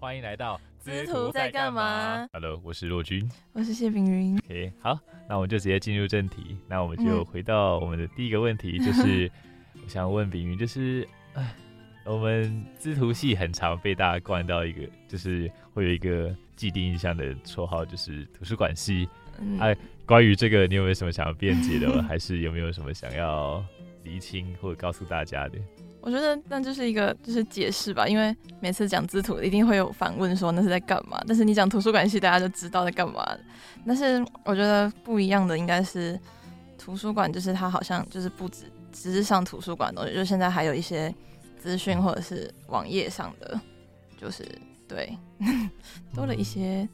歡迎來到資圖在幹嘛？Hello，我是若君，我是謝炳雲。OK，好，那我們就直接進入正題。那我們就回到我們的第一個問題，嗯、就是我想問炳雲，就是 我們資圖系很常被大家冠到一個，就是會有一個既定印象的綽號，就是圖書館系。哎、嗯啊，關於這個，你有沒有什麼想要辯解的？ 還是有沒有什麼想要釐清或者告訴大家的？我覺得那就是一個就是解釋吧，因為每次講資圖一定會有反問說那是在幹嘛，但是你講圖書館系大家都知道在幹嘛。但是我覺得不一樣的應該是圖書館，就是它好像就是不止只是上圖書館的東西，就現在還有一些資訊或者是網頁上的，就是對多了一些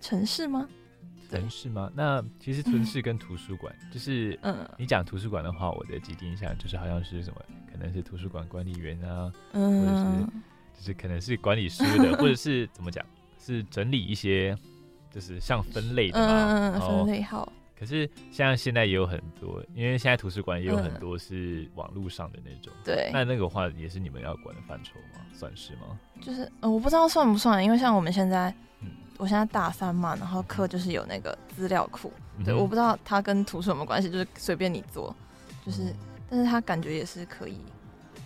城市嗎、嗯？城市嗎？那其實城市跟圖書館就是，嗯，就是、你講圖書館的話，我的第一印象就是好像是什麼。可能是圖書館管理員啊，嗯，就是可能是管理書的， 或者是怎麼講，是整理一些就是像分類的吧。嗯，分類號。可是像現在也有很多，因為現在圖書館也有很多是網路上的那種、嗯，對。那那個話也是你們要管的範疇嗎？算是嗎？就是、呃、我不知道算不算，因為像我們現在，嗯、我現在大三嘛，然後課就是有那個資料庫、嗯，對，我不知道它跟圖書有什麼關係，就是隨便你做，就是。嗯但是他感覺也是可以，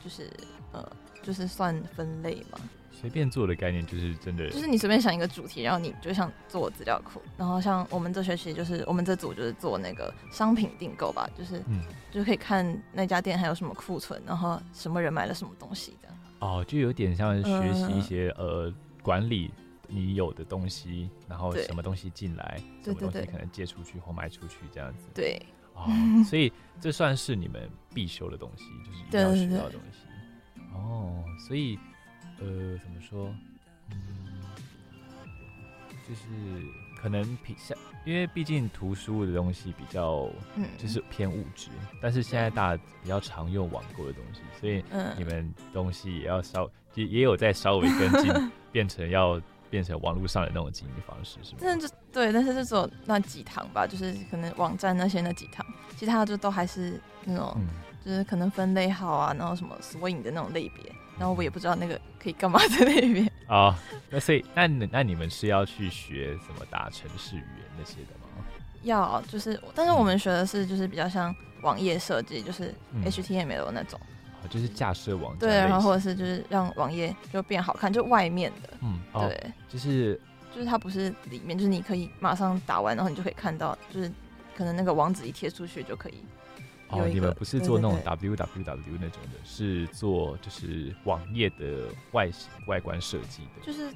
就是呃，就是算分類嘛。隨便做的概念就是真的，就是你隨便想一個主題，然後你就想做資料庫。然後像我們這學期就是我們這組就是做那個商品訂購吧，就是嗯，就可以看那家店還有什麼庫存，然後什麼人買了什麼東西這樣。哦，就有點像學習一些、嗯、呃管理你有的東西，然後什麼東西進來，對對對對，什麼東西可能借出去或賣出去這樣子。對。哦，所以這算是你們必修的東西，就是一定要學到的東西。對對對。哦，所以，呃，怎麼說？嗯，就是可能比下，因為畢竟圖書的東西比較，嗯，就是偏物質，嗯，但是現在大家比較常用網購的東西，所以你們東西也要稍也也有在稍微跟進，嗯，變成要。變成網絡上的那種經營方式是嗎？是就對，但是就種那幾堂吧，就是可能網站那些那幾堂，其他的就都還是那種，嗯、就是可能分類號啊，然後什麼索引的那種類別、嗯，然後我也不知道那個可以幹嘛的類別。啊、哦，那所以那那你們是要去學什麼打程式語言那些的嗎？要，就是但是我們學的是就是比較像網頁設計，就是 HTML 那種。就是架設網站。對，然後或者是就是讓網頁就變好看，就外面的。嗯。對、哦，就是就是它不是裡面，就是你可以馬上打完，然後你就可以看到，就是可能那個網址一貼出去就可以。哦，你們不是做那種對對對 www 那種的，是做就是網頁的外形外觀設計的。就是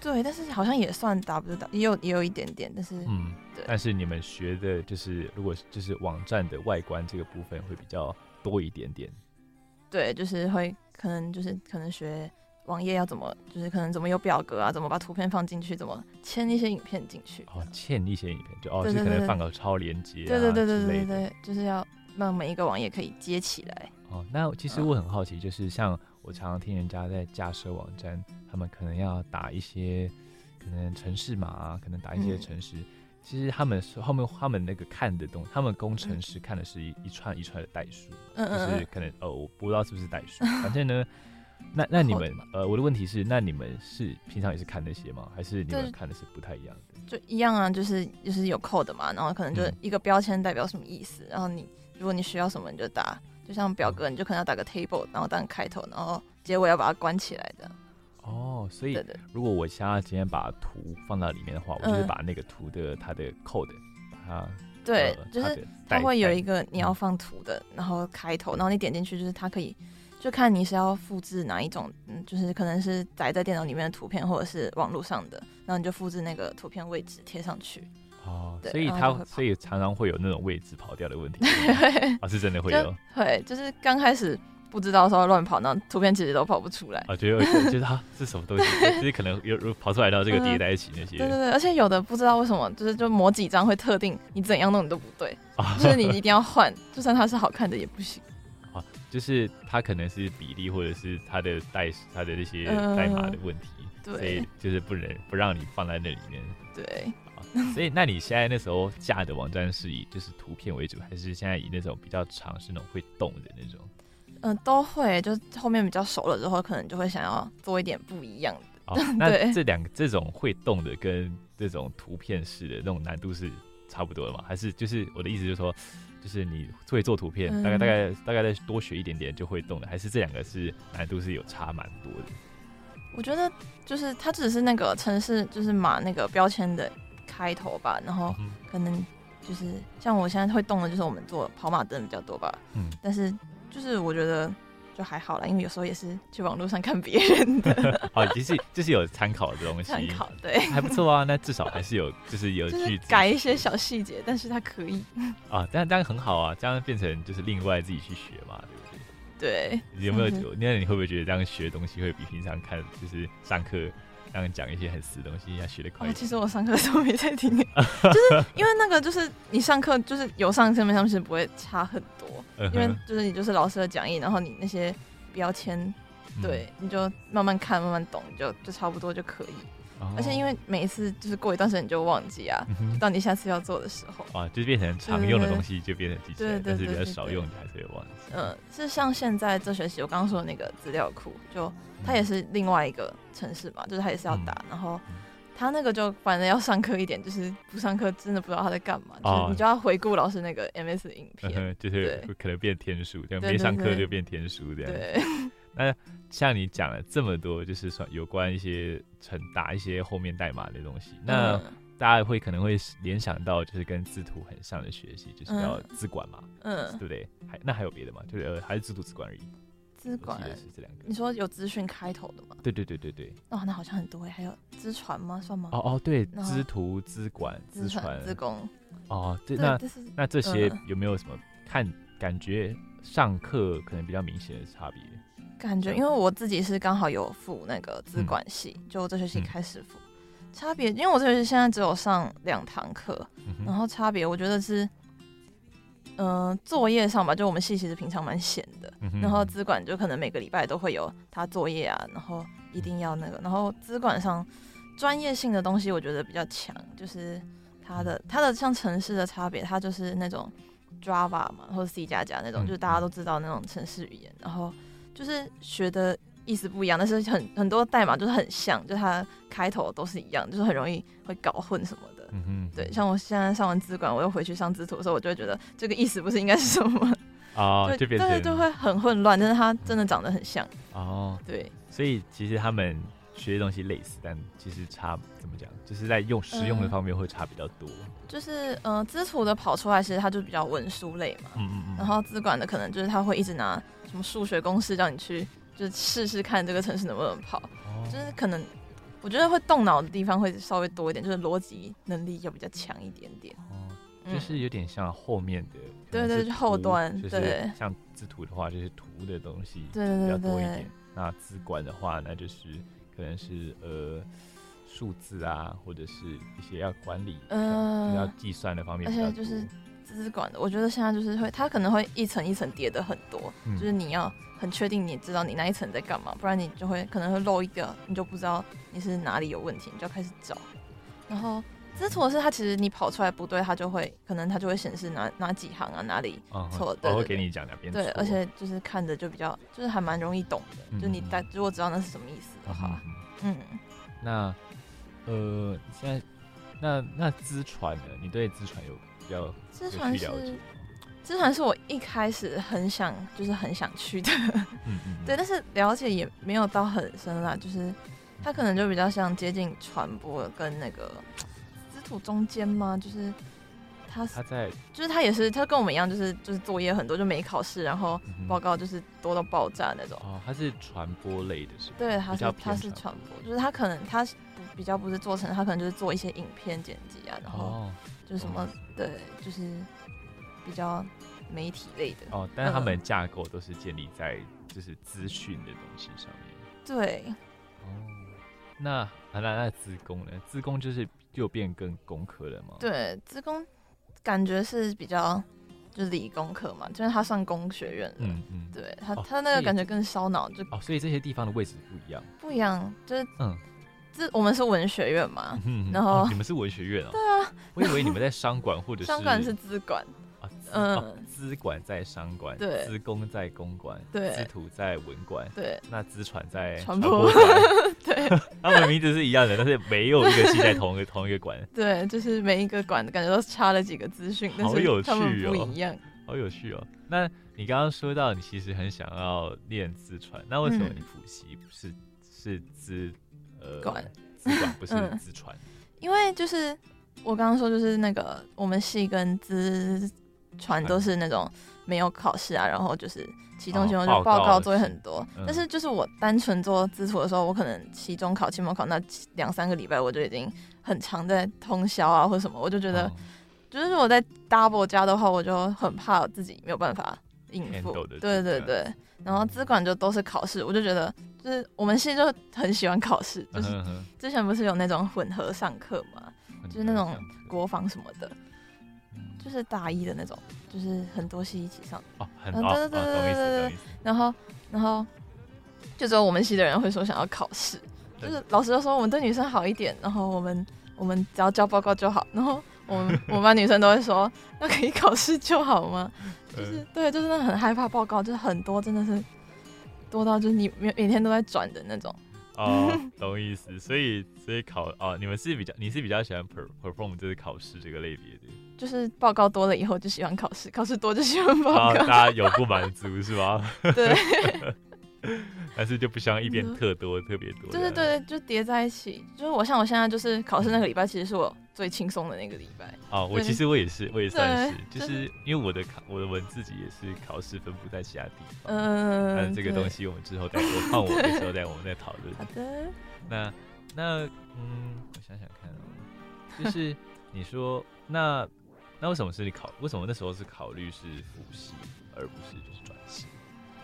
對，但是好像也算 W W 也有也有一點點，但是嗯，對。但是你們學的就是如果就是網站的外觀這個部分會比較多一點點。對，就是會可能就是可能學。網頁要怎麼，就是可能怎麼有表格啊，怎麼把圖片放進去，怎麼嵌一些影片進去？哦，嵌一些影片就哦對對對，是可能放個超連結、啊，對對對對對對就是要讓每一個網頁可以接起來。哦，那其實我很好奇，就是、嗯、像我常常聽人家在架設網站，他們可能要打一些可能程式碼，可能打一些程式，嗯、其實他們是後面他們那個看的東西，他們工程師看的是一、嗯、一串一串的代數、嗯嗯，就是可能哦，我不知道是不是代數、嗯嗯，反正呢。 那那你們、code、呃，我的問題是，那你們是平常也是看那些嗎？還是你們看的是不太一樣的？就一樣啊，就是就是有 code 的嘛，然後可能就一個標籤代表什麼意思，嗯、然後你如果你需要什麼，你就打，就像表格，你就可能要打個 table，然後當開頭，然後結尾要把它關起來的。哦，所以，對對對，如果我想要今天把圖放到裡面的話，我就會把那個圖的它的 code，啊、嗯，對、呃，就是它會有一個你要放圖的，嗯、然後開頭，然後你點進去就是它可以。就看你是要複製哪一種，嗯，就是可能是宅在電腦裡面的圖片，或者是網絡上的，然後你就複製那個圖片位置貼上去。哦，對，所以它，它所以常常會有那種位置跑掉的問題， 啊，是真的會有，喔。對，就是剛開始不知道的時候亂跑，那圖片其實都跑不出來。啊，覺得覺得它是什麼東西， 其實可能有跑出來到這個疊在一起那些，嗯。對對對，而且有的不知道為什麼，就是就某幾張會特定，你怎樣弄你都不對，啊，就是你一定要換， 就算它是好看的也不行。就是它可能是比例，或者是它的代它的那些代碼的問題，呃對，所以就是不能不讓你放在那裡面。對，所以那你現在那時候架的網站是以就是圖片為主，還是現在以那種比較長是那種會動的那種？嗯、呃，都會，就後面比較熟了之後，可能就會想要做一點不一樣的。那這兩個這種會動的跟這種圖片式的那種難度是差不多的嗎？還是就是我的意思就是說？就是你會做圖片，嗯、大概大概大概再多學一點點就會動的，還是這兩個是難度是有差蠻多的？我覺得就是它只是那個城市，就是碼那個標籤的開頭吧，然後可能就是像我現在會動的，就是我們做跑馬燈比較多吧。嗯，但是就是我覺得。就還好了，因為有時候也是去網絡上看別人的。 哦，其、就是就是有參考的東西，參考，對，還不錯啊。那至少還是有，就是有去、就是、改一些小細節，但是它可以。啊，這樣這樣很好啊，這樣變成就是另外自己去學嘛，對不對？對，有沒有覺得、嗯？那你會不會覺得這樣學的東西會比平常看就是上課讓人講一些很死的東西要學的快、啊？其實我上課的時候沒在聽， 就是因為那個就是你上課就是有上，基本上是不會差很。 因為就是你就是老師的講義，然後你那些標籤，對，嗯、你就慢慢看，慢慢懂，就就差不多就可以、哦。而且因為每一次就是過一段時間你就忘記啊，嗯、就到你下次要做的時候，啊，就變成常用的東西就變成記住了，但是比較少用，對對對對對，你還是會忘記。嗯、呃，是像現在這學期我剛剛說的那個資料庫，就它也是另外一個城市嘛，嗯、就是它也是要打，嗯、然後。他那個就反正要上課一點，就是不上課真的不知道他在幹嘛，哦，就是你就要回顧老師那個 MS 影片，嗯、就是可能變天書這樣，對，沒上課就變天書這樣，對。那像你講了這麼多，就是說有關一些很大一些後面代碼的東西，嗯，那大家會可能會聯想到就是跟資圖很像的學習，就是要資管嘛，嗯，就是、對不對？還，那還有別的嗎？就是還是資圖資管而已。資管，你說有資訊開頭的嗎？對對對對對。哦，那好像很多誒，還有資傳嗎？算嗎？哦哦，對，資圖、資管、資傳、資工。哦，對，對那這那這些有沒有什麼看感覺上課可能比較明顯的差別、嗯？感覺因為我自己是剛好有輔那個資管系、嗯，就這學期開始輔、嗯。差別，因為我這學期現在只有上兩堂課、嗯，然後差別我覺得是。嗯、呃，作業上吧，就我們系其實平常蠻閒的，然後資管就可能每個禮拜都會有他作業啊，然後一定要那個，然後資管上專業性的東西我覺得比較強，就是他的他的像程式的差別，他就是那種 Java 嘛，或者 C 加加那種，就是大家都知道那種程式語言，然後就是學的。意思不一樣，但是很很多代碼就是很像，就它開頭都是一樣，就是很容易會搞混什麼的。嗯嗯。對，像我現在上完資管，我又回去上資圖的時候，我就會覺得這個意思不是應該是什麼？哦，就就變成，對，但是就會很混亂。但是它真的長得很像、嗯。哦。對，所以其實他們學的東西類似，但其實差，怎麼講？就是在用實用的方面會差比較多。嗯、就是嗯，呃、資圖的跑出來其實它就比較文書類嘛。嗯嗯嗯。然後資管的可能就是他會一直拿什麼數學公式叫你去。就試試看這個程式，能不能跑，哦、就是可能，我覺得會動腦的地方會稍微多一點，就是邏輯能力要比較強一點點、嗯。就是有點像後面的對，對對，就是，後端，就是像資圖的話，就是圖的東西比較多一點。對對對，那資管的話，那就是可能是呃數字啊，或者是一些要管理、呃、要計算的方面還有就是。資管的，我覺得現在就是會，它可能會一層一層疊的很多、嗯，就是你要很確定你知道你那一層在幹嘛，不然你就會可能會漏一個，你就不知道你是哪裡有問題，你就要開始找。然後，資管是它其實你跑出來不對，它就會可能它就會顯示哪哪幾行啊哪裡錯、哦哦，我會給你講兩邊。對，而且就是看着就比較，就是還蠻容易懂的，嗯、就你大如果知道那是什麼意思的話，嗯。嗯那，呃，現在那那資傳的，你對資傳有？有這船是，資傳系我一開始很想，就是很想去的。嗯嗯、 對，但是了解也沒有到很深啦，就是他可能就比較像接近傳播跟那個資圖中間嗎？就是他他在，就是他也是他跟我們一樣，就是就是作業很多，就沒考試，然後報告就是多到爆炸那種。哦，他是傳播類的是不是？對，他是他是傳播，就是他可能他比較不是做成，他可能就是做一些影片剪輯啊，然後。哦就什麼、哦、對，就是比較媒體類的哦，但是他們架構都是建立在就是資訊的東西上面。嗯、對，哦，那那那資工呢？資工就是就變更工科了嗎？對，資工感覺是比較就理工科嘛，就是他上工學院。嗯嗯，對他、哦、他那個感覺更燒腦。就哦，所以這些地方的位置不一樣。不一樣，就是嗯。這我們是文學院嘛？然後、嗯、哦、你們是文學院哦。對啊，我以為你們在商管或者是 商管是資管啊，嗯，資、哦、資管在商管，對，資工在公管，對，資圖在文管，對，那資傳在傳播， 對，他們的名字是一樣的，但是沒有一個系在同一個 同一個管。對，就是每一個管的感覺都差了幾個資訊，好有趣哦，不一樣，好有趣哦。那你剛剛說到你其實很想要練資傳，那為什麼你輔習不是、嗯、是資？是資呃，管，嗯，不是資傳，嗯，因為就是我剛剛說就是那個我們系跟資傳都是那種沒有考試啊，然後就是期中、期末就報告作業很多。哦，是，嗯，但是就是我單純做資圖的時候，我可能期中考、期末考那兩三個禮拜，我就已經很常在通宵啊或者什麼，我就覺得，就是如果在 double 加的話，我就很怕自己沒有辦法。應付、嗯、對對對、嗯，然後資管就都是考試，我就覺得就是我們系就很喜歡考試，就是之前不是有那種混合上課嘛、嗯，就是那種國防什麼的、嗯，就是大一的那種，就是很多系一起上。哦，很好，嗯、對對對對對對。哦、然後然後就只有我們系的人會說想要考試，就是老師都說我們對女生好一點，然後我們我們只要交報告就好，然後我們我們班女生都會說 那可以考試就好嗎？就是對，就是那很害怕報告，就是很多，真的是多到就是你每每天都在轉的那種。哦，懂意思。所以所以考哦，你們是比較你是比較喜歡 per, perform 就是考試這個類別的，就是報告多了以後就喜歡考試，考試多就喜歡報告。啊，大家有不滿足 是吧？對。 但是就不像一邊特多、嗯、特別多，對對對，就疊在一起。就是我像我現在就是考試那個禮拜，其實是我最輕鬆的那個禮拜。哦，我其實我也是，我也算是，就是因為我的考我的文字也是考試分布在其他地方。嗯，但是這個東西我們之後再，我看我的時候再我們再討論。好的。那那嗯，我想想看、哦、就是你說 那那為什麼是你考？為什麼那時候是考慮是複習而不是、就是？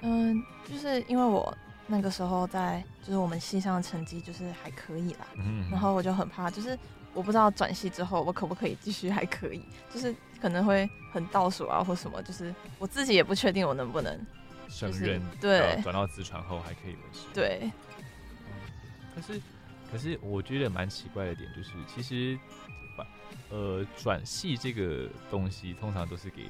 嗯，就是因為我那個時候在，就是我們系上的成績就是還可以啦。嗯，然後我就很怕，就是我不知道轉系之後我可不可以繼續還可以，就是可能會很倒數啊或什麼，就是我自己也不確定我能不能，就是勝任，對，轉到資傳後還可以維持對，可是可是我覺得蠻奇怪的點就是其實，呃，轉系這個東西通常都是給。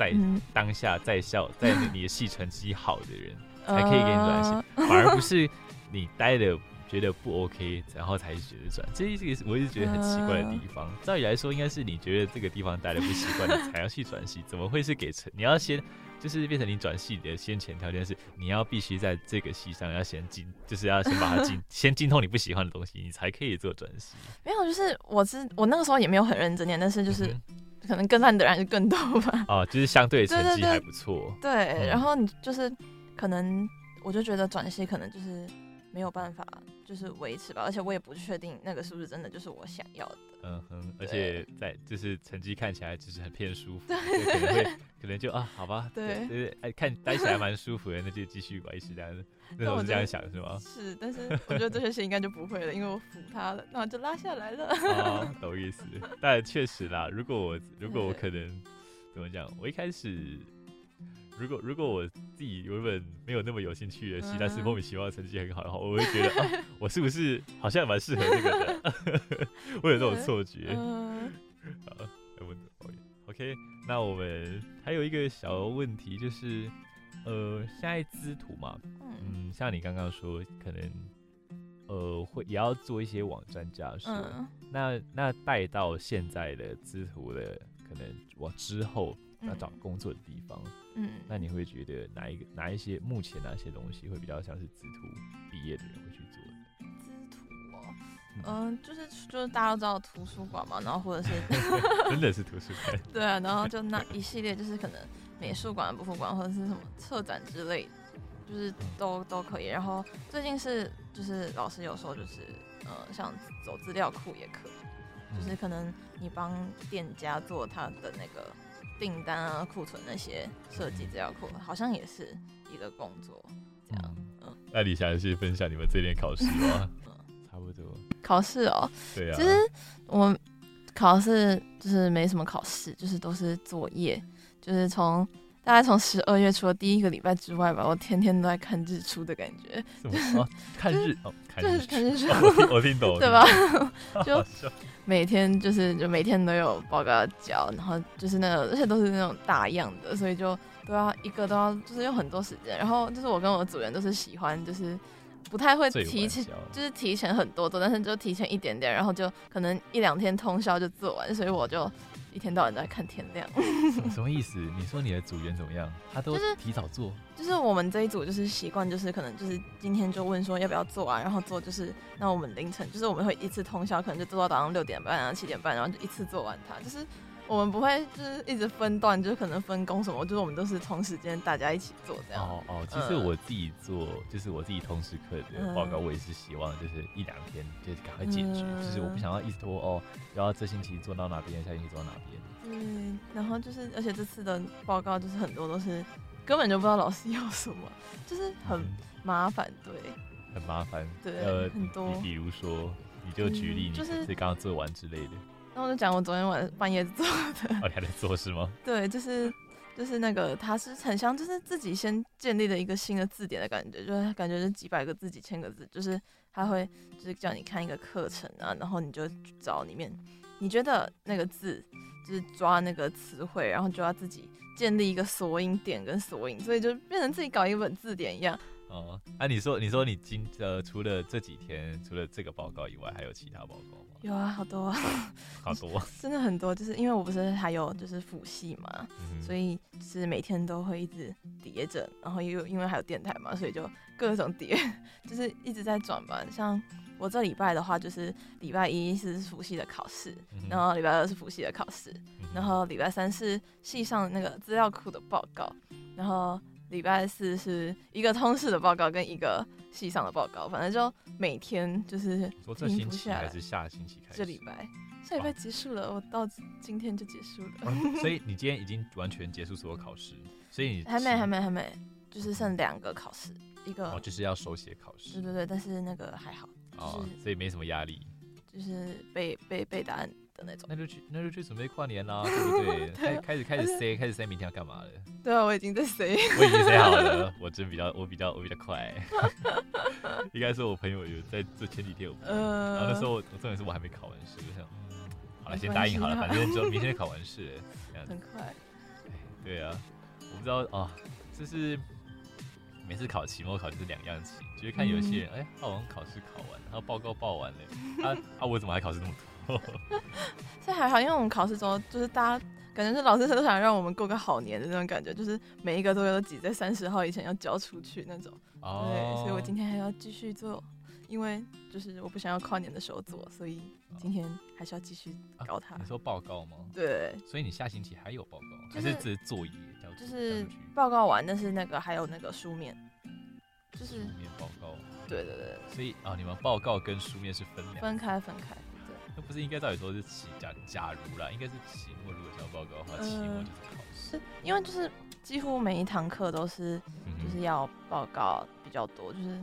在當下，在校，在你，你的系成績好的人 才可以給你轉系，反而不是你待的。 覺得不 OK，然後才覺得轉，這是這個我一直覺得很奇怪的地方。Uh... 照理來說，應該是你覺得這個地方待的不習慣， 你才要去轉系。怎麼會是給成？你要先就是變成你轉系的先前條件是，你要必須在這個系上要先精，就是要先把它精， 先精通你不喜歡的東西，你才可以做轉系。沒有，就是我是我那個時候也沒有很認真念，但是就是、嗯、可能更爛的人就更多吧。哦，就是相對成績還不錯。對，嗯、然後你就是可能我就覺得轉系可能就是。沒有辦法，就是維持吧，而且我也不確定那個是不是真的就是我想要的。嗯哼、嗯，而且在就是成績看起來只是很偏舒服，對，可能， 可能就啊，好吧，對，就是哎看待起來蠻舒服的， 那就繼續吧，一直這樣子。那我是這樣想是嗎？是，但是我覺得這些事應該就不會了， 因為我服他了，那我就拉下來了。 好好懂意思，但確實啦，如果我如果我可能怎麼講，我一開始。如果如果我自己原本沒有那麼有興趣的戲、嗯，但是莫名其妙成績很好的話，我會覺得啊，我是不是好像蠻適合那個的？嗯、 我有這種錯覺。嗯、 好、嗯、，OK，那我們還有一個小問題，就是呃，現在資圖嘛，嗯，像你剛剛說，可能呃會也要做一些網站架設、嗯，那那帶到現在的資圖的可能，我之後、嗯、要找工作的地方。嗯，那你會覺得哪一個哪一些目前哪些東西會比較像是資圖畢業的人會去做的？資圖哦、喔，嗯、呃，就是就是大家都知道圖書館嘛，然後或者是 真的是圖書館 對啊，然後就那一系列就是可能美術館、博物館或者是什麼策展之類，就是都都可以。然後最近是就是老師有時候就是嗯、呃，像走資料庫也可以、嗯，就是可能你幫店家做他的那個。訂單啊，庫存那些設計資料庫好像也是一個工作，這樣，嗯。嗯，那你霞是分享你們這邊考試嗎？嗯， 差不多。考試哦。對啊，其實我考試就是沒什麼考試，就是都是作業，就是從。大概從十二月除了第一個禮拜之外吧，我天天都在看日出的感覺。就是看日、就是哦？看日出？就是看日出哦、我聽懂 對吧？ 就每天就是就每天都有報告要交，然後就是那種、個，而且都是那種大樣的，所以就都要、啊、一個都要就是用很多時間。然後就是我跟我的組員都是喜歡就是不太會提前，就是提前很多做，但是就提前一點點，然後就可能一兩天通宵就做完。所以我就。一天到晚都在看天亮，什麼意思？ 你說你的組員怎麼樣？他都提早做，就是，就是我們這一組就是習慣，就是可能就是今天就問說要不要做啊，然後做就是那我們凌晨就是我們會一次通宵，可能就做到早上六點半啊七點半，然後就一次做完它，就是。我們不會就是一直分段，就是可能分工什麼，就是我們都是同時間大家一起做這樣。哦哦，其實我自己做、嗯、就是我自己同時刻的報告，我也是希望就是一兩天就趕快解決、嗯，就是我不想要一直拖哦，然後這星期做到哪邊，下星期做到哪邊。嗯，然後就是而且這次的報告就是很多都是根本就不知道老師要什麼，就是很麻煩、嗯，對。很麻煩，對，對，很多。你比如說，你就舉例你、嗯，就是剛剛做完之類的。然後我就講我昨天晚半夜做的，啊，哦，你還在做是嗎？ 對，就是就是那個，他是很像，就是自己先建立了一個新的字典的感覺，就是感覺是幾百個字幾千個字，就是他會就是叫你看一個課程啊，然後你就去找裡面你覺得那個字，就是抓那個詞彙，然後就要自己建立一個索引點跟索引，所以就變成自己搞一本字典一樣。哦，啊你，你說你說你今呃除了這幾天除了這個報告以外，還有其他報告？有啊，好多，啊，好多，啊， 真的很多。就是因為我不是還有就是輔系嘛，嗯，所以是每天都會一直疊着，然後又因為還有電台嘛，所以就各種疊，就是一直在轉吧。像我這禮拜的話，就是禮拜一是輔系的考試，嗯，然後禮拜二是輔系的考試，嗯，然後禮拜三是系上那個資料庫的報告，然後。禮拜四是一個通識的報告，跟一個系上的報告，反正就每天就是。說這星期還是下星期開始？這禮拜，這禮拜結束了、哦，我到今天就結束了、嗯。所以你今天已經完全結束所有考試、 嗯，所以你還沒、還沒、還沒，就是剩兩個考試，一個哦，就是要手寫考試。對對對，但是那個還好，就是、哦，所以沒什麼壓力，就是背背背答案。那種，那就去，那就去準備跨年啦，對不對？開開始開始塞，開始塞明天要幹嘛了？對啊，我已經在塞，我已經塞好了。 我真比較，我比較，我比較快、欸。 應該是我朋友有在做前幾天有，然、呃、後、啊、那時候我，我重點是我還沒考完試，這樣。好了，先答應好了，反正就明天就考完試。很快對。對啊，我不知道啊，就、哦、是每次考期末考就是兩樣情，就是看有些人哎，他、嗯欸啊、好像考試考完了，他、啊、報告報完了、欸，他啊，啊我怎麼還考試那麼多？這 還好，因為我們考試中就是大家感覺是老師都想讓我們過個好年的那種感覺，就是每一個都有擠在三十號以前要交出去那種。哦、對，所以我今天還要繼續做，因為就是我不想要跨年的時候做，所以今天還是要繼續搞他、啊。你說報告嗎？對，所以你下星期還有報告，就是、還是只是作業？就是報告完，但是那個還有那個書面，就是書面報告。對對對，對，所以啊，你們報告跟書面是分分開分開。那不是應該？到底說是期假，假如啦，應該是期末如果交報告的話，期、呃、末就是考試。是因為就是幾乎每一堂課都是、嗯，就是要報告比較多，就是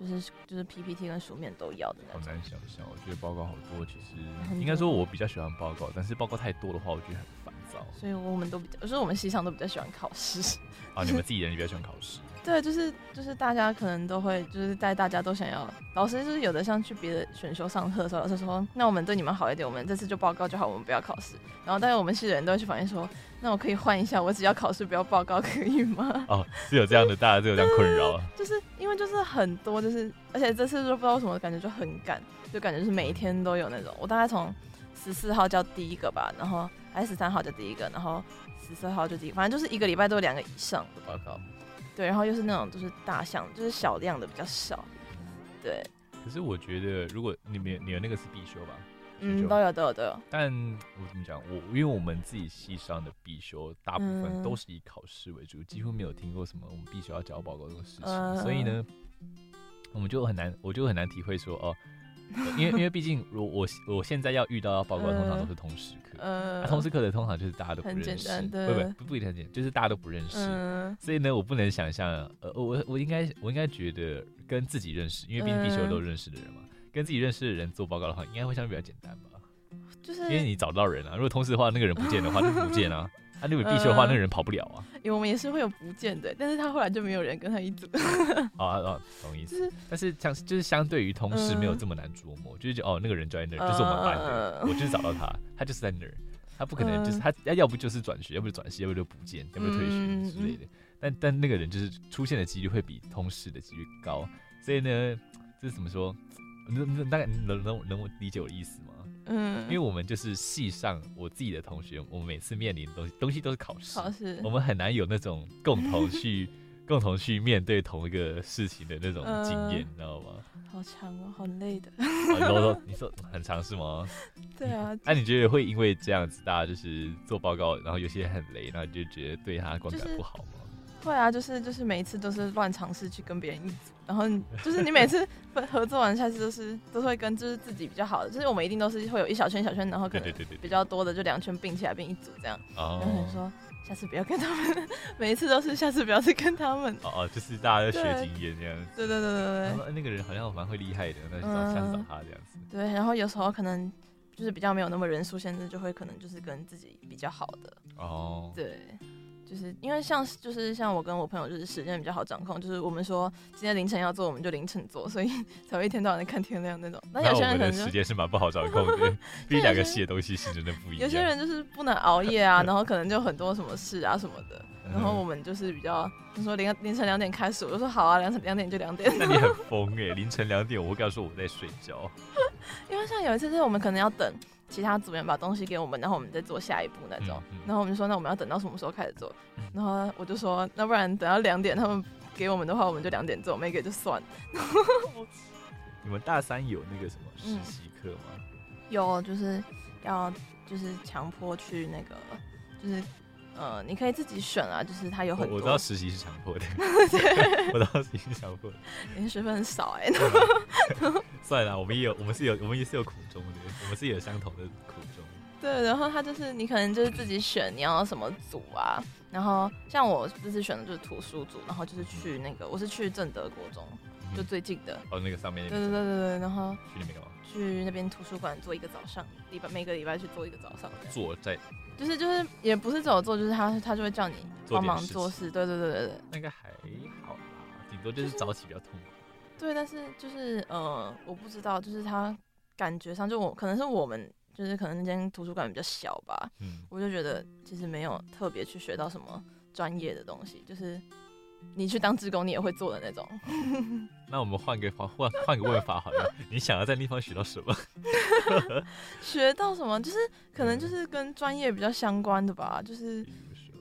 就是就是 PPT 跟書面都要的那種。好難想象，我覺得報告好多，其實應該說我比較喜歡報告，但是報告太多的話，我覺得很煩躁。所以我們都比較，所以我們系上都比較喜歡考試啊，你們自己人也比較喜歡考試。 對，就是就是大家可能都會，就是在大家都想要老師，就是有的像去別的選修上課的時候，老師說：“那我們對你們好一點，我們這次就報告就好，我們不要考試。”然後，但是我們系的人都會去反映說：“那我可以換一下，我只要考試不要報告，可以嗎？”哦，是有這樣的，大家都有這樣困擾、 就是。就是因為就是很多就是，而且這次就不知道為什麼感覺就很趕，就感覺就是每一天都有那種。我大概從十四號叫第一個吧，然後還是十三號叫第一個，然後十四號就第一個，反正就是一個禮拜都有兩個以上的報告。對，然後又是那種，就是大項，就是小量的比較少，對。可是我覺得，如果你沒有你的那個是必修吧，嗯，都有都，都有。但我怎麼講？我因為我們自己系上的必修，大部分，都是以考試為主，嗯、幾乎沒有聽過什麼我們必須要交報告這種事情，嗯，所以呢，我們就很難，我就很難體會說哦。 因為因為畢竟如果我我我現在要遇到要報告，通常都是通識課，呃呃啊，通識課的通常就是大家都不認識，很簡單的，不不不一定很簡單，就是大家都不認識，呃、所以呢，我不能想象，呃我我應該我應該覺得跟自己認識，因為畢竟地球都認識的人嘛，呃，跟自己認識的人做報告的話，應該會相對比，比較簡單吧，就是因為你找不到人啊，如果通識的話，那個人不見的話就不見啊。 他如果必修的話，呃、那個人跑不了啊。因為我們也是會有不見的，但是他後來就沒有人跟他一組 啊。啊，同意思。就但是相就是相對於通識沒有這麼難琢磨，呃、就是就哦，那個人就在那兒，就是我們班的、呃，我就是找到他，他就是在那兒，他不可能就是、呃、他要不就是轉學，要不就轉系，要不就不見、嗯，要不就退學之類的。但但那個人就是出現的幾率會比通識的幾率高，所以呢，這是怎麼說？那那大概能能能能理解我的意思嗎？嗯，因為我們就是系上我自己的同學，我們每次面臨的東西東西都是考試，考試，我們很難有那種共同去 共同去面對同一個事情的那種經驗、呃，你知道嗎？好長哦，好累的。時、啊、說 你說很長是嗎？對啊。那、嗯啊、你覺得會因為這樣子，大家就是做報告，然後有些很雷，然後你就覺得對他觀感不好嗎？就是會啊，就是就是每一次都是亂嘗試去跟別人一組，然後就是你每次分合作完，下次都是都會跟就是自己比較好的。就是我們一定都是會有一小圈一小圈，然後可能比較多的就兩圈併起來併一組這樣。哦。然後你說下次不要跟他們，oh. 每一次都是下次不要去跟他們。哦、oh, oh, 就是大家就學經驗這樣子。對對對對對。他、哦、那個人好像蠻會厲害的，那就找、嗯、下次找他這樣子。對，然後有時候可能就是比較沒有那麼人數限制，就會可能就是跟自己比較好的。哦、oh.。對。就是因為像，就是像我跟我朋友，就是時間比較好掌控。就是我們說今天凌晨要做，我們就凌晨做，所以才會一天到晚在看天亮那種。那有些人可能時間是蠻不好掌控的，畢竟兩個系的東西是真的不一樣。 有些人就是不能熬夜啊，然後可能就很多什麼事啊什麼的。然後我們就是比較，你、就是、說凌凌晨兩點開始，我就說好啊，兩兩點就兩點。那你很瘋哎、欸， 凌晨兩點，我會跟他說我在睡覺， 因為像有一次是我們可能要等。其他組員把東西給我們，然後我們再做下一步那種。嗯嗯、然後我們就說，那我們要等到什麼時候開始做？嗯、然後我就說，那不然等到兩點他們給我們的話，我們就兩點做。沒給就算了。 你們大三有那個什麼實習課嗎？嗯、有，就是要就是強迫去那個就是。呃，你可以自己選啊，就是他有很多。我知道實習是強迫的。對，我知道實習是強迫的。你水分很少哎。 對 算了，我們也有，我們是有，我們也是有苦衷的，我們是有相同的苦衷。對，然後他就是你可能就是自己選你要什麼組啊， 然後像我這次選的就是圖書組，然後就是去那個我是去正德國中，就最近的。嗯、哦，那個上面那。對對對對對，然後。去那邊幹嘛？去那邊圖書館做一個早上，禮拜每個禮拜去做一個早上坐在，就是就是也不是怎麼做，就是他他就會叫你幫忙做事，做事，對對對對，那個還好啦，頂多就是早起比較痛苦。就是，對，但是就是呃，我不知道，就是他感覺上就我可能是我們就是可能那間圖書館比較小吧，嗯，我就覺得其實沒有特別去學到什麼專業的東西，就是。你去當志工，你也會做的那種。哦、那我們換個換換換個問法好了， 你想要在那方學到什麼？ 學到什麼？就是可能就是跟專業比較相關的吧，就是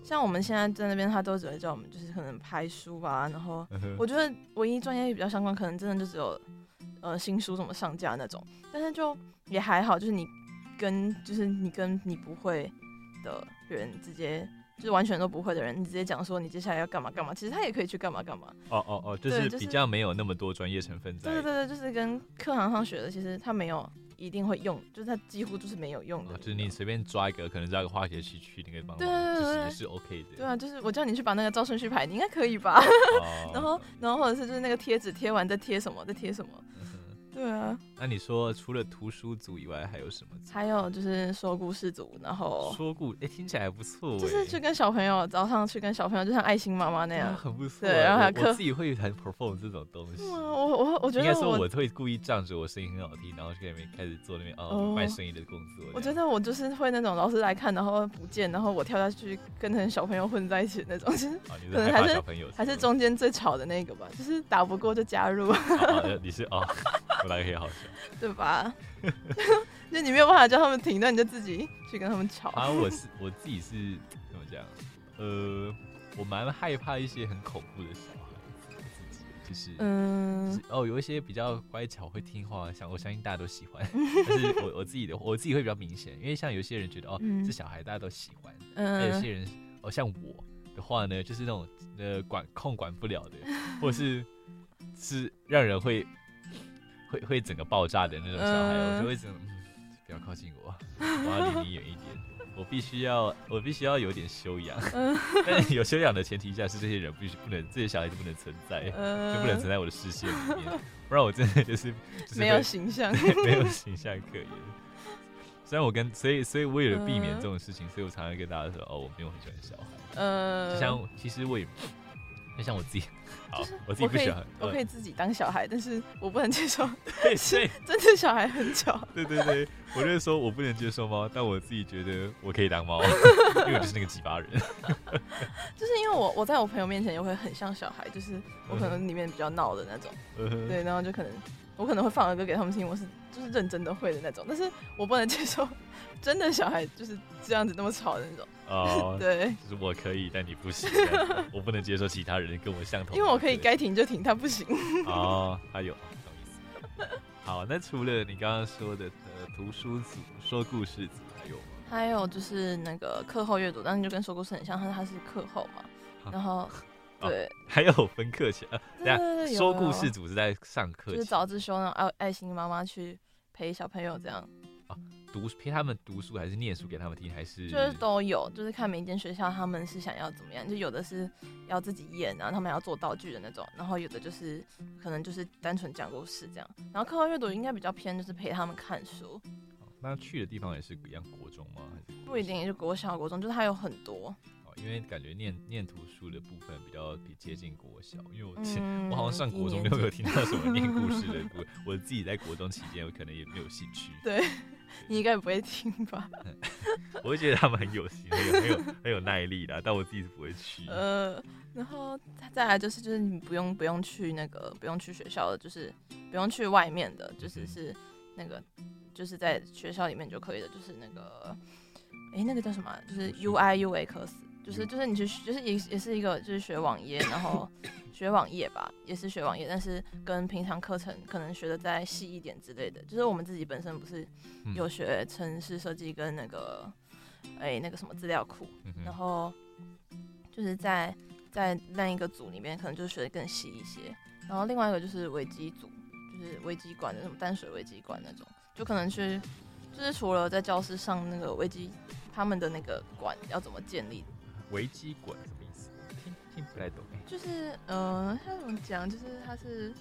像我們現在在那邊，他都只會叫我們就是可能拍書吧。然後我覺得唯一專業比較相關，可能真的就只有呃新書怎麼上架那種。但是就也還好，就是你跟就是你跟你不會的人直接。就是完全都不會的人，你直接講說你接下來要幹嘛幹嘛，其實他也可以去幹嘛幹嘛。哦哦哦，就是比較沒有那麼多專業成分在對、就是。對對對，就是跟課堂上學的，其實他沒有一定會用，就是他幾乎就是沒有用的、啊。就是你隨便抓一個，可能抓個化學系去，你可以幫，其實也對對、就是就是 OK 的。對啊，就是我叫你去把那個照順序排，你應該可以吧？ 然後、哦、然後或者是就是那個貼紙貼完再貼什麼再貼什麼。對啊，那你說除了圖書組以外還有什麼組？還有就是說故事組，然後說故哎、欸、聽起來還不錯、欸，就是去跟小朋友早上去跟小朋友，就像愛心媽媽那樣，很不錯、欸。對，然後還我，我自己會很 perform 這種東西。嗯、我我我覺得我應該說我會故意仗着我聲音很好聽，然後去那邊開始做那邊哦，哦，賣聲音的工作。我覺得我就是會那種老師來看然後不見，然後我跳下去跟那些小朋友混在一起的那種、就是啊是，可能還是小朋友，還是中間最吵的那個吧，就是打不過就加入。好、啊、的、啊，你是哦。 本來可以好笑，對吧？那 你沒有辦法叫他們停，那你就自己去跟他們吵。啊，我是我自己是怎麼講？呃，我蠻害怕一些很恐怖的小孩，自己就是嗯、就是，哦，有一些比較乖巧會聽話，想我相信大家都喜歡。但是我我自己的，我自己會比較明顯，因為像有些人覺得哦、嗯，這小孩大家都喜歡，嗯，還有些人哦，像我的話呢，就是那種呃，管控管不了的，或是、嗯就是讓人會。會，會整個爆炸的那種小孩，呃、我就會怎麼不要靠近我，我要離你遠一點。 我必須要，我必須要有點修養、呃。但有修養的前提下，是這些人必須不能，這些小孩就不能存在，呃、就不能存在我的視線裡面，不然我真的就是、就是、沒有形象，沒有形象可言。雖然我跟所以，所以我為了避免這種事情、呃，所以我常常跟大家說，哦，我沒有很喜歡小孩。嗯、呃、就像其實我也。很像我自己，好，就是、我，我自己不喜歡很。我可以自己當小孩、嗯，但是我不能接受。對，對是，真的小孩很吵對對對，我就是說，我不能接受貓，但我自己覺得我可以當貓， 因為我就是那個雞巴人。 就是因為我，我在我朋友面前也會很像小孩，就是我可能裡面比較鬧的那種、嗯，對，然後就可能。我可能會放兒歌給他們聽，我是就是認真的會的那種，但是我不能接受真的小孩就是這樣子那麼吵的那種。啊、哦， 對，就是我可以，但你不行， 我不能接受其他人跟我相同、啊。因為我可以該停就停，他不行。哦，還有，不好意思。 好，那除了你剛剛說的呃讀書組、說故事組，還有嗎？還有就是那個課後閱讀，當然就跟說故事很像，他是它是課後嘛，然後。對、哦，還有分課前、啊，等下對對對，說故事組是在上課，就是、早智修那種愛愛心媽媽去陪小朋友這樣，哦、讀陪他們讀書還是念書給他們聽還是就是都有，就是看每間學校他們是想要怎麼樣，就有的是要自己演、啊，然後他們要做道具的那種，然後有的就是可能就是單純講故事這樣，然後課後閱讀應該比較偏就是陪他們看書，哦、那去的地方也是一樣國中嗎？不一定，是國小國中，就是它有很多。因為感覺念念圖書的部分比較比接近國小，因為我聽、嗯、我好像上國中就沒有聽到什麼念故事的歌， 我自己在國中期間我可能也沒有興趣。對，對你應該也不會聽吧？ 我會覺得他們很有心、很有很有耐力的， 但我自己是不會去。呃，然後再再來就是就是你不用不用去那個不用去學校的，就是不用去外面的，就是、嗯、是那個就是在學校裡面就可以的，就是那個哎、欸、那個叫什麼、啊？就是 UI UX、嗯。就是就是你去就是也也是一個就是學網頁，然後學網頁吧，也是學網頁，但是跟平常課程可能學的再細一點之類的。就是我們自己本身不是有學程式設計跟那個哎、欸、那個什麼資料庫，然後就是在在另一個組裡面可能就學的更細一些。然後另外一個就是危機組，就是危機館的那種淡水危機館那種，就可能去就是除了在教室上那個危機，他們的那個館要怎麼建立。維基館什麼意思？聽聽不太懂。欸、就是，嗯、呃，他怎麼講？就是他是，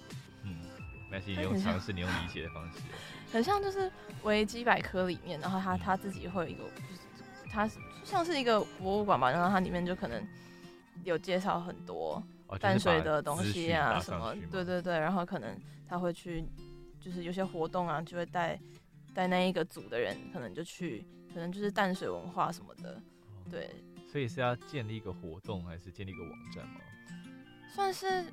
嗯，那是你用嘗試 你用理解的方式。很像就是維基百科裡面，然後他他自己會有一個，就是他像是一個博物館吧，然後它裡面就可能有介紹很多淡水的東西啊、哦就是，什麼，對對對。然後可能他會去，就是有些活動啊，就會帶帶那一個組的人，可能就去，可能就是淡水文化什麼的，哦、對。所以是要建立一個活動，還是建立一個網站嗎？算是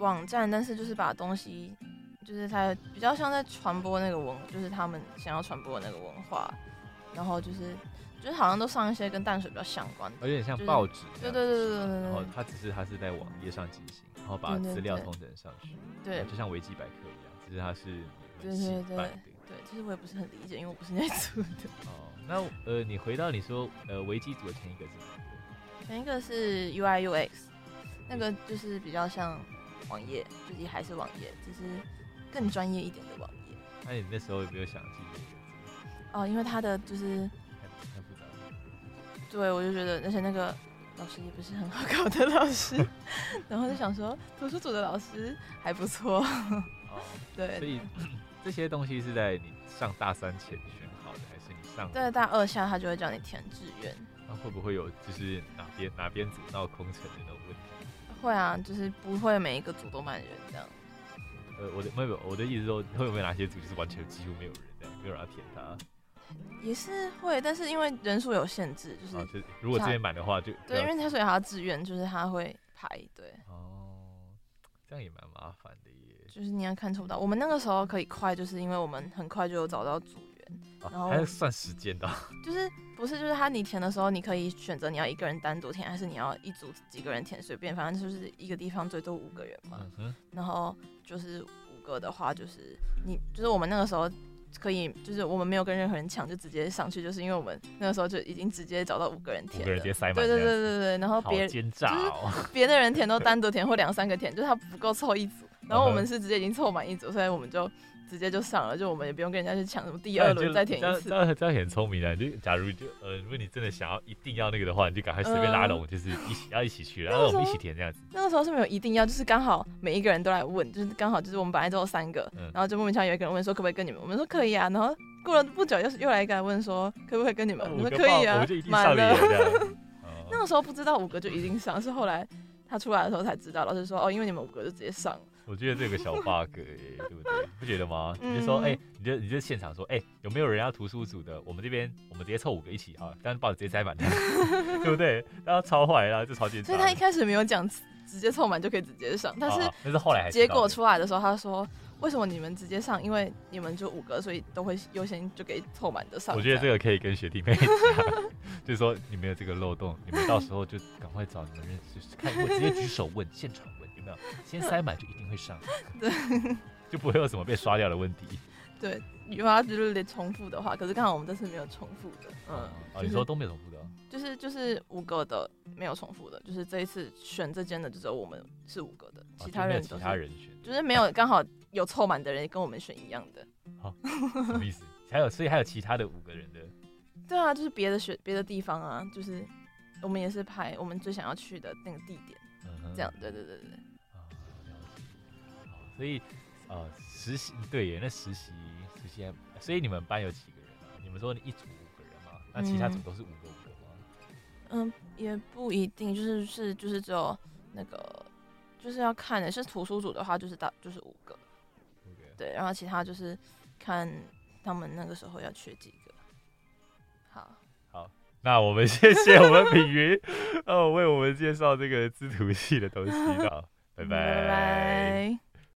網站，但是就是把東西，就是它比較像在傳播那個文，就是他們想要傳播的那個文化，然後就是，就是好像都上一些跟淡水比較相關的，而且有點像報紙，就是。對對對對對。然後它只是它是在網頁上進行，然後把資料通整上去，對，就像維基百科一樣，其實它是對對對對，其實我也不是很理解，因為我不是那組的。啊啊那呃，你回到你說呃，維基組的前一個字，前一個是 U I U X，那個就是比較像網頁，就是還是網頁，就是更專業一點的網頁。那、啊、你那時候有沒有想進那個字？哦，因為他的就是對，我就覺得，而且那個老師也不是很好搞的老師， 然後就想說圖書組的老師還不錯。 哦，對，所以 這些東西是在你上大三前選。對，大二下，他就會叫你填志願。那、啊、會不會有就是哪邊哪邊組鬧空城的那種問題？會啊，就是不會每一個組都滿人這樣、嗯。呃，我的沒有，我的意思說會有沒有哪些組就是完全幾乎沒有人這樣，沒有人要填他。也是會，但是因為人數有限制，就是、啊、就如果這邊滿的話就，就對，對，因為他所以他要志願，就是他會排隊。哦，這樣也蠻麻煩的耶。就是你要看抽到，我們那個時候可以快，就是因為我們很快就有找到組。然後還要算時間的，就是不是，就是他你填的時候，你可以選擇你要一個人單獨填，還是你要一組幾個人填隨便，反正就是一個地方最多五個人嘛。然後就是五個的話，就是你就是我們那個時候可以，就是我們沒有跟任何人搶，就直接上去，就是因為我們那個時候就已經直接找到五個人填，對對對對對，對，然後別人就是別的人填都單獨填或兩三個填，就是他不夠湊一組，然後我們是直接已經湊滿一組，所以我們就。直接就上了，就我們也不用跟人家去搶什麼第二輪再填一次，這樣，這樣，這樣很聰明的、啊。就假如就呃，如果你真的想要一定要那個的話，你就趕快隨便拉攏、呃，就是一起要一起去，然 後我們一起填這樣子。那個時候是沒有一定要，就是剛好每一個人都來問，就是剛好就是我們本來都有三個、嗯，然後就莫名其妙有一個人問說可不可以跟你們，我們說可以啊。然後過了不久又是又來一個人問說可不可以跟你們，我們說可以啊，滿了。了 那個時候不知道五個就一定上，是後來他出來的時候才知道，老、就、師、是、說哦，因為你們五個就直接上。我覺得這有個小 bug 哎、欸，對不對？ 不覺得嗎？嗯、你就說，哎、欸，你就你就現場說，哎、欸，有沒有人要圖書組的？我們這邊我們直接湊五個一起啊，但是把直接塞滿， 對不對？然後超壞了就超級。所以他一開始沒有講，直接湊滿就可以直接上，但是、啊、但是後來結果出來的時候，他說為什麼你們直接上？因為你們就五個，所以都會優先就給湊滿的上。我覺得這個可以跟學弟妹講， 就是說你沒有這個漏洞，你們到時候就趕快找你們認識，就看問直接舉手問現場。先塞滿就一定會上， 對， 就不會有什麼被刷掉的問題。對，如果要就是得重複的話，可是剛好我們這次沒有重複的，嗯，哦，就是、哦你說都沒有重複的、啊，就是就是五個的沒有重複的，就是這一次選這間的就只有我們是五個的，哦、其他人其他人選就是沒有剛好有湊滿的人跟我們選一樣的，哦、 什麼意思？還有所以還有其他的五個人的，對啊，就是別的選別的地方啊，就是我們也是拍我們最想要去的那個地點，嗯、這樣對，對對對對。所以，呃，實習對，耶，那實習首先，所以你們班有幾個人啊？你們說你一組五個人嗎？那其他組都是五個五嗎嗯？嗯，也不一定，就是是就是只有那個，就是要看的是圖書組的話，就是大，就是五個，五、okay. 個對，然後其他就是看他們那個時候要缺幾個。好，好，那我們謝謝我們敏雲，呃、 哦，為我們介紹這個資圖系的東西，好、哦， 拜拜。